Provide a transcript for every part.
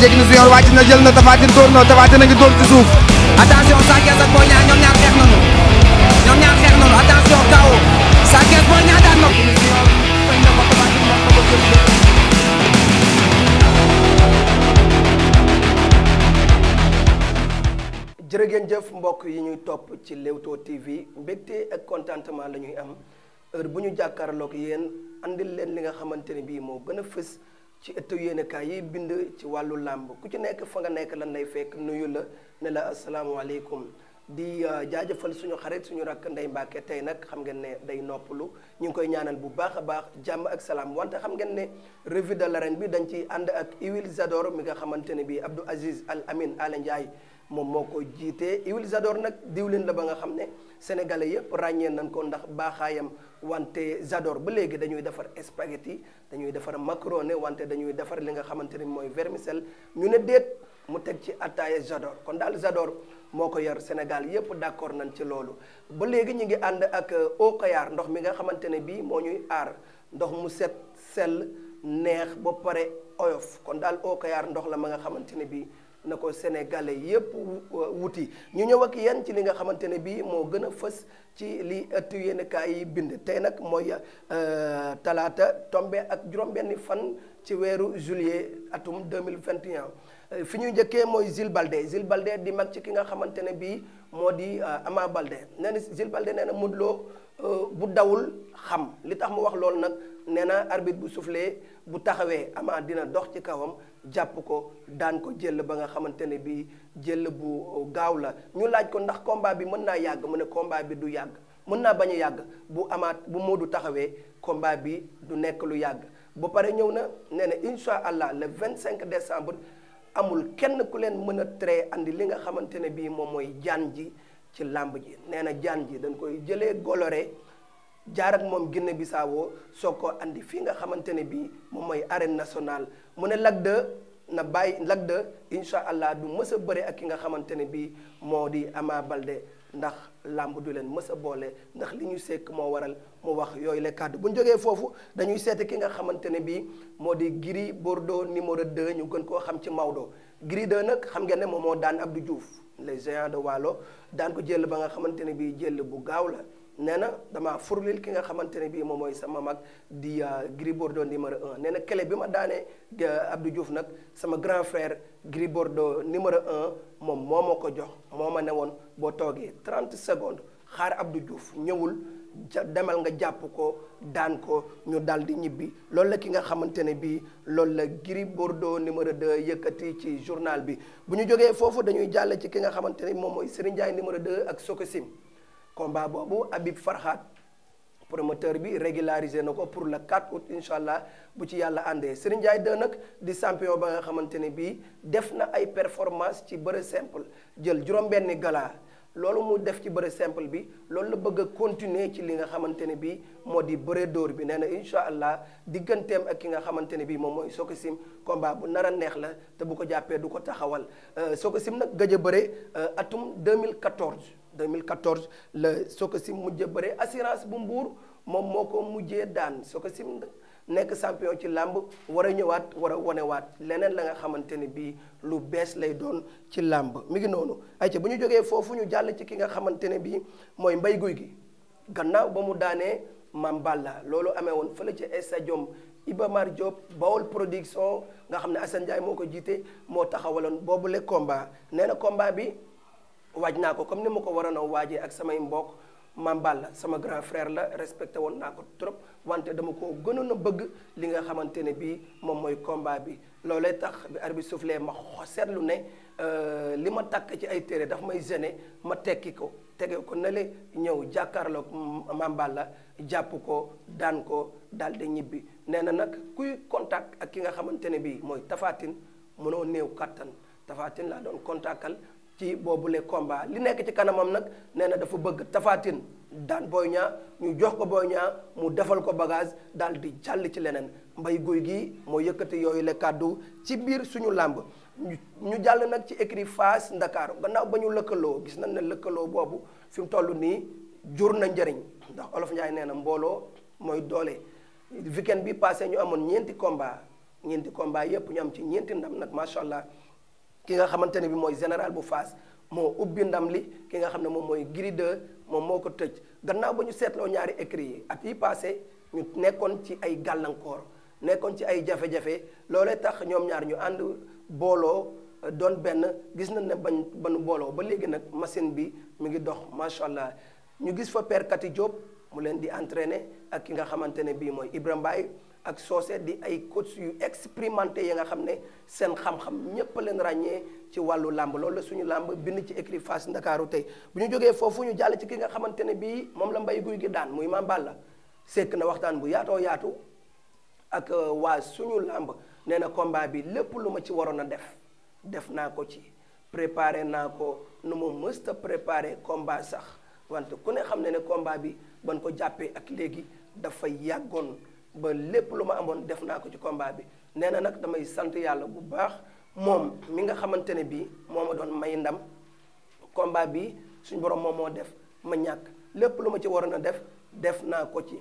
jéggi na si yoon wàcc na na Tapha Tine dóor jëf mbokk yi ñuy topp ci Leewtoo TV mbégte ak contentement lañuy am heure bu ñu jàkkaarloog yéen andil leen li nga xamante ne bii moo gën a fës ci ëttu yéenekaay yi bind ci wàllu làmb ku ci nekk fa nga nekk lan lay fekk nuyu la ne la asalaamaaleykum di euh, jaajëfal suñu xarit suñu rakk ndey Mbacke tey nag xam ngeen ne day noppalu ñu ngi koy ñaanal bu baax a baax jàmm ak salaam wante xam ngeen ne revue de l'arène bi dañ ci ànd ak Iwil Zador mi nga xamante ne bii Abdou Aziz Al Amin Ala Ndiaye moom moo ko jiitee Iwil Zador nag diwlin la ba nga xam ne sénégalais yëpp ràññee nañ ko ndax baaxaayam wante Zador ba léegi dañuy defar spaghetti dañuy defar macaroni wante dañuy defar li nga xamante ni mooy vermicelle ñu ne déet mu teg ci attaaya Zador kon daal Zador moo ko yor Sénégal yëpp d'accord nañ ci loolu ba léegi ñu ngi ànd ak euh, Eau ndox mi nga xamante ne bii moo ñuy aar ndox mu set sel neex ba pare oyof kon daal Eau ndox la ma nga xamante ne bii na ko sénégalais yépp wuti ñu ñëw ak yéen ci li nga xamante ne bii moo gën a fës ci li ëttu yéenekaay yi bind tey nag mooy euh, talaata tombe ak juróom-benni fan ci weeru juillet atum 2021 euh, fi ñuy njëkkee mooy Jules Baldé Jules di mag ci ki nga xamante ne bii moo di euh, Ama Balde nee na Jules Balde nee na Modou Lo euh, bu dawul xam li tax mu wax loolu nag nee na arbitre bu soufflé bu taxawee Ama dina dox ci kawam jàpp ko daan ko jël ba nga xamante ne bii jël bu euh, gaaw la ñu laaj ko ndax combat bi mën naa yàgg mu ne combat bi du yàgg mën naa bañ a yàgg bu amaat bu mu du taxawee combat bi du nekk lu yàgg ba pare ñëw na nee na incha allah vingt cinq décembre. amul kenn ku leen mën a traité andi li nga xamante ne bii moom mooy jaan ji ci làmb ji nee na jaan ji dañ koy jëlee golore jaar ak moom Guinée Bissau soo ko andi fi nga xamante ne bii moom mooy arène nationale mu ne Lac na bàyyi Lac 2 incha allah du mës a bëre ak ki nga xamante ne bii moo di Ama Baldé ndax làmb du leen mës a boole ndax li ñu sekk moo waral mu wax yooyu la kàddu bu ñu jógee foofu dañuy seeti ki nga xamante ne bii moo di Gris Bordeaux numéro 2 ñu gën koo xam ci Maodo Gris 2 nag xam ngeen ne moom moo daan Abdou juuf les géants de Waalo daan ko jël ba nga xamante ne bii jël bu gaaw la. nee na damaa furlil ki nga xamante ne bii moom mooy sama mag di euh, Gris Bordeaux numéro un nee na kele bi ma daanee abdu Diouf nag sama grand frère Gris Bordeaux numéro un moom moo ma ko jox moo ma ne woon boo toogee 30 secondes xaar abdu Diouf ñëwul demal nga jàpp ko daan ko ñu daal di ñibbi loolu la ki nga xamante ne bii loolu la Gris Bordeaux numéro 2 yëkkati ci journal bi bu ñu jógee foofu dañuy jàll ci ki nga xamante ne moom mooy Serigne Ndiaye numéro 2 ak Sokosim combat boobu Habib Farhat promoteur bi régularisé na ko pour la 4 août incha allah bu ci yàlla àndee Serigne Ndiaye 2 nag di champion ba nga xamante ne bii def na ay performance ci bëre simple jël juróom-benni gala loolu mu def ci bëre simple bi loolu la bëgg a continuer ci li nga xamante ne bii moo di bëre dóor bi nee na incha allah digganteem ak ki nga xamante ne bii moom mooy Sokocim combat bu nar a neex la te bu ko jàppee du ko taxawal euh, Sokocim nag gëj a bëre euh, atum 2014. 2014 la Sococim mujjee bëre assurance bu mbuur moom moo ko mujjee daan si nekk champion ci làmb war a ñëwaat wara a wonewaat leneen la nga xamante ni bii lu bees lay doon ci làmb mi ngi noonu ay ca bu ñu jógee foofu ñu jàll ci ki nga xamante ne bii mooy mbay guy gi gannaaw ba mu daanee Mame Balla loolu amee woon fële ca stadium Iba Mar Diop Bawol production nga xam ne Assane ay moo ko jiite moo taxawaloon boobule combat nee na combat bi waaj naa ko comme ni ma ko waroon a waajee ak samay mbokk Mame Balla sama grand frère la respecté woon naa ko trop wante dama ko gënoon a bëgg li nga xamante ne bii moom mooy combat bi loolee tax bi arbitre soufflé seetlu ne euh, li ma takk ci ay téere daf may gêné ma tekki ko tege ko nale ñëw jàkkaarloog Mame jàpp ko daan ko daal di ñibbi nee na nag kuy contact ak ki nga xamante ne bii mooy tafaatin Tine mënoo néew kattan Tapha Tine laa doon contactal ci boobu boobule combat li nekk ci kanamam nag nee na dafa bëgg tafaatin daan Boy Niang ñu jox ko Boy ñaa mu defal ko bagage daal di jàll ci leneen mbay guy gi moo yëkkati yooyu le kàddu ci biir suñu làmb ñu jàll nag ci écrit Fass Ndakaaru gannaaw ba ñu lëkkaloo gis nañ ne lëkkaloo boobu fi mu toll nii jur na njëriñ ndax Olof Njaay nee na mbooloo mooy doole weekend bi passé ñu amoon ñeenti combat ñeenti combat yépp ñu am ci ñeenti ndam nag macha allah. ki nga xamante ne bi mooy général bu Fass moo ubbi ndam li ki nga xam ne moom mooy Gris 2 moom moo ko tëj gannaaw ba ñu seetloo ñaari écrits yi ak yi passé ñu nekkoon ci ay gàllankoor nekkoon ci ay jafe-jafe loolee tax ñoom ñaar ñu ànd booloo euh, doon benn gis nañ ne ba banu booloo ba léegi nag machine bi mu ngi dox macha allah ñu gis fa Père Kati Diop mu leen di entraîner ak ki nga xamante ne bii mooy Ibrahima Mbaye ak soose di ay coach yu expérimenté yi nga xam ne seen xam-xam ñépp leen ràññee ci wàllu làmb loolu la suñu làmb bind ci écrit face ndakaaru tey bu ñu jógee foofu ñu jàll ci ki nga xamante ne bii moom la mbay guy gi daan muy Mame la sekk na waxtaan bu yaatoo yaatu ak euh, waa suñu làmb nee na combat bi lépp lu ma ci waroon a def def naa ko ci préparé naa ko nu mu mësta préparé komba sax wante ku ne xam ne ne combat bi ban ko jàppee ak léegi dafa yàggoon ba lépp lu ma amoon def naa ko ci combat bi nee na nag damay sant yàlla bu baax moom mi nga xamante ne bii moo ma doon may ndam combat bi suñ borom moom moo def ma ñàkk lépp lu ma ci waroon a def def naa ko ci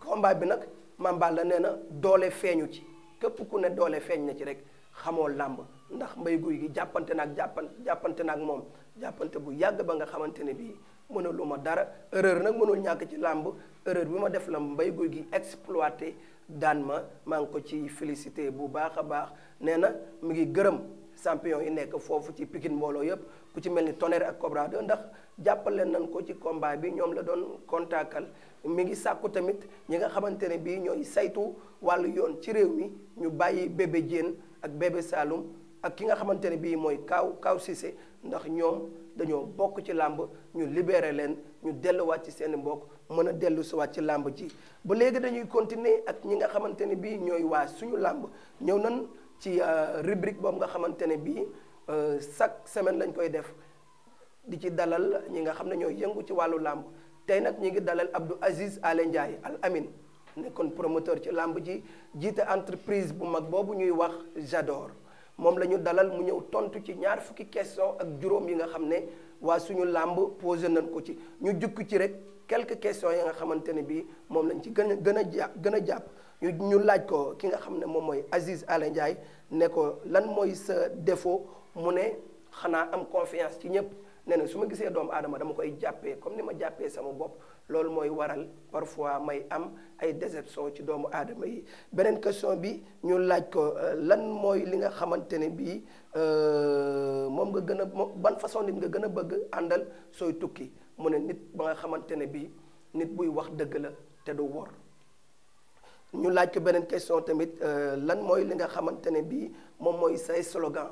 combat bi nag Mame la nee na doole feeñu ci képp ku ne doole feeñ na ci rek xamoo làmb ndax mbay guy gi jàppante naag jàppante jàppante ak moom jàppante bu yàgg ba nga xamante ne bii mënalu ma dara erreur nag mënul ñàkk ci làmb erreur bi ma def la mbay guy gi exploité daan ma maa ngi ko ci félicité bu baax a baax nee na mu ngi gërëm champion yi nekk foofu ci Pikine mbooloo yëpp ku ci mel ni Tonnerre ak Cobra 2 ndax jàppale nañ ko ci combat bi ñoom la doon kontaakal mi ngi sàkku tamit ñi nga xamante ne bii ñooy saytu wàll yoon ci réew mi ñu bàyyi bébé Diène ak bébé Saloum ak ki nga xamante ne bii mooy kaw kaw Cissé ndax ñoom. dañoo bokk ci làmb ñu libere leen ñu delluwaat ci seen mbokk mën a dellu siwaat ci làmb ji ba léegi dañuy continuer ak ñi nga xamante ne bii ñooy waa suñu làmb ñëw nan ci euh, rubrique boobu nga xamante ne bii euh, chaque semaine lañ koy def di ci dalal ñi nga xam ne ñooy yëngu ci wàllu làmb tey nag ñi ngi dalal Abdou Aziz Alé Ndiaye Al Amin nekkoon promoteur ci làmb ji jiite entreprise bu mag boobu ñuy wax Jador moom la ñu dalal mu ñëw tontu ci ñaar fukki question ak juróom yi nga xam ne waa suñu làmb posé nañ ko ci ñu jukki ci rek quelque questions yi nga xamante ne bii moom lañ ci gën a gën a jàpp gën a jàpp ñu ñu laaj ko ki nga xam ne moom mooy Aziz Alain Ndiaye ne ko lan mooy sa défaut mu ne xanaa am confiance ci ñëpp nee na su ma gisee doomu aadama dama koy jàppee comme ni ma jàppee sama bopp loolu mooy waral parfois may am ay déception ci doomu aadama yi beneen question bi ñu laaj ko euh, lan mooy li nga xamante ne bii euh, moom nga gën a ban façon nit nga gën a bëgg àndal sooy tukki mu ne nit ba nga xamante ne bii nit buy wax dëgg la te du wor ñu laaj ko beneen question tamit euh, lan mooy li nga xamante ne bii moom mooy say slogan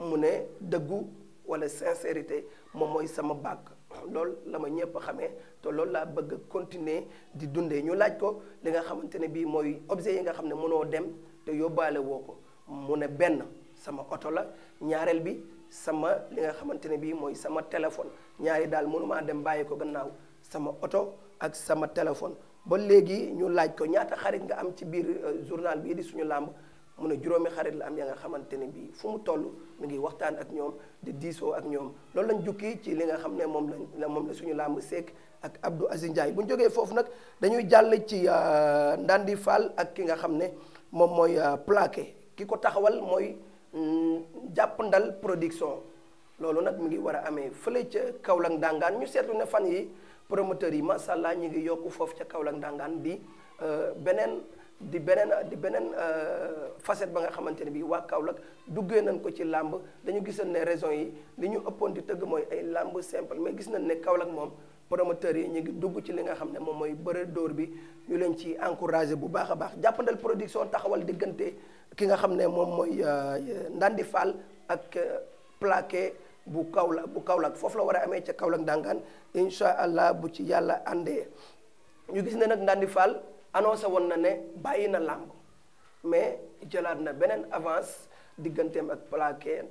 mu ne dëggu wala sincérité moom mooy sama bàkk lool la ma ñëpp xamee te loolu laa bëgg continuer di dundee ñu laaj ko li nga xamante ne bii mooy objet yi nga xam ne mënoo dem te yóbbaale woo ko mu ne benn sama oto la ñaareel bi sama li nga xamante ne bii mooy sama téléphone ñaari daal mënumaa dem bàyyi ko gannaaw sama oto ak sama téléphone ba léegi ñu laaj ko ñaata xarit nga am ci biir euh, journal bii di suñu làmb mu ne juróomi xarit la am ya nga xamante ne bii fu mu toll mu ngi waxtaan ak ñoom di diisoo ak ñoom loolu lañ jukki ci li nga xam ne moom la moom la suñu làmb seek ak Abdou Aziz bu ñu jógee foofu nag dañuy jàll ci euh, Ndandi Fall ak ki nga xam ne moom mooy euh, plaqué ki ko taxawal mooy mm, jàppandal production loolu nag mu ngi war a amee fële ca Kaolack ndàngaan ñu seetlu ne fan yi promoteurs yi masallah ñu ngi yokk foofu ca Kaolack ndàngaan di euh, beneen. di beneen di beneen euh, facet ba nga xamante ne bii waa Kaolack duggee nañ ko ci làmb dañu gisoon ne raison yi li ñu ëppoon di tëgg mooy ay làmb simple mais gis nañ ne Kaolack moom promoteurs yi ñu ngi dugg ci li nga xam ne moom mooy bëre dóor bi ñu leen ci encouragé bu baax a baax jàppandal production taxawal diggante ki nga xam ne moom mooy euh, Ndandi Fall ak euh, plaqué bu Kaolack bu Kaolack foofu la war a amee ca Kaolack ndàngaan incha allah bu ci yàlla àndee ñu gis ne nag Ndandi Fall. annoncé woon na ne bàyyi na làmb mais jëlaat na beneen avance digganteem ak plaqué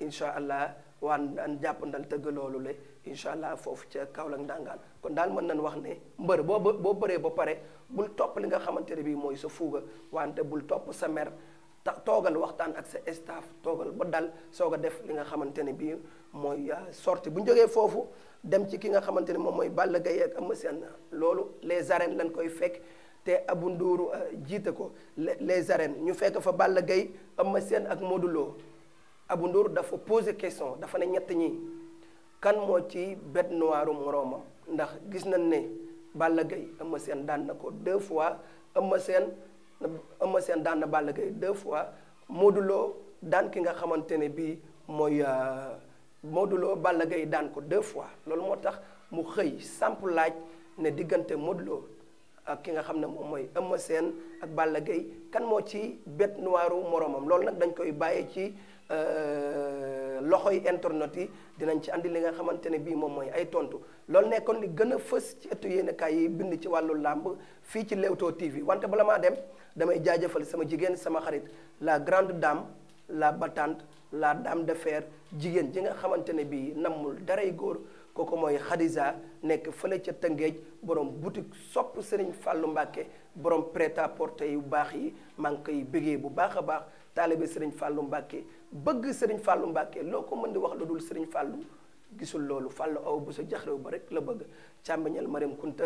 incha allah waan daan jàppandal tëgg loolu le incha allah foofu ca Kaolack ndàngaan kon daal mën nañ wax ne mbër boo boo bëree ba pare bul topp li nga xamante ne bii mooy sa fuuga wante bul topp sa mer ta toogal waxtaan ak sa staff toogal ba dal soog a def li nga xamante ne bii mooy euh, sorti bu ñu foofu dem ci ki nga xamante ne moom mooy Balla Gaye ak Eumeu Sène loolu les arènes lañ koy fekk. te Abu Nduur euh, jiite ko les arènes ñu fekk fa Balla Gaye Eumeu Sène ak moduloo Lo Abu Nduur dafa posé question dafa ne ñett ñi kan moo ci bête noire morooma ndax gis nañ ne Balla Gaye Eumeu Sène daan na ko deux fois Eumeu Sène Eumeu Sène daan na Balla Gaye deux fois Modou Lo daan ki nga xamante ne bii mooy euh, Modou Lo Balla Gaye daan ko deux fois loolu moo tax mu xëy samp laaj ne diggante Modou ak ki nga xam ne moom mooy Eumeu seen ak Balla Gaye kan moo ci bête noiru moromam loolu nag dañ koy bàyyi ci euh, loxoy internet yi dinañ ci indi li nga xamante ne bii moom mooy ay tontu loolu nekkoon li gën a fës ci ëttu yéenekaay yi bind ci wàllu làmb fii ci Leewtoo TV wante ba la maa dem damay jaajëfal sama jigéen sama xarit la grande dame la battante la dame de fer jigéen ji nga xamante ne bii nammul daray góor kooku mooy Khadija nekk fële ca Tëngéej borom boutique sopp Serigne fàllu Mbacke borom prêt à porter yu baax yi maa ngi koy bëggee bu baax a baax taalibe Serigne fàllu Mbacke bëgg Serigne fàllu Mbacke loo ko mën di wax lu dul Serigne Fallou gisul loolu Fallou aw bu sa jaxrew ba rek la bëgg càmbañal Mariam Kunta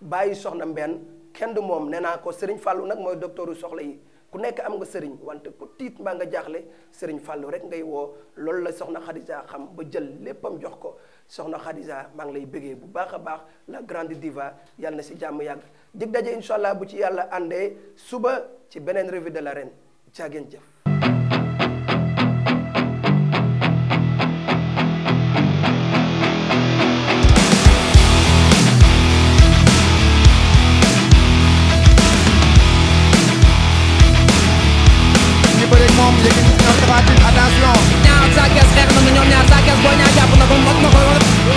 bàyyi soxna mbenn kenn du moom nee naa ko Serigne fàllu nag mooy docteuru soxla yi. ku nekk am nga sëriñ wante ku tiit mbaa nga jaaxle sëriñ fàllu rek ngay woo loolu la soxna Khadija xam ba jël léppam jox ko soxna xadisa maa ngi lay bëggee bu baax a baax la grande diva yàlla na si jàmm yàgg dig daje incha allah bu ci yàlla àndee suba ci beneen revue de l'arène jaageen jëf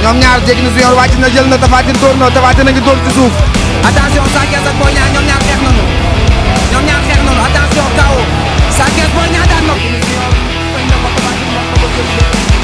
ñoom ñaar jéggi ni junior wàcc na na Tapha Tine na Tapha a ngi dóor ci suuf attention Sa Thiès ak Boy Niang ñoom ñaar xeex nañu ñoom ñaar xeex nañu attention kaw Sa Thiès Boy Niang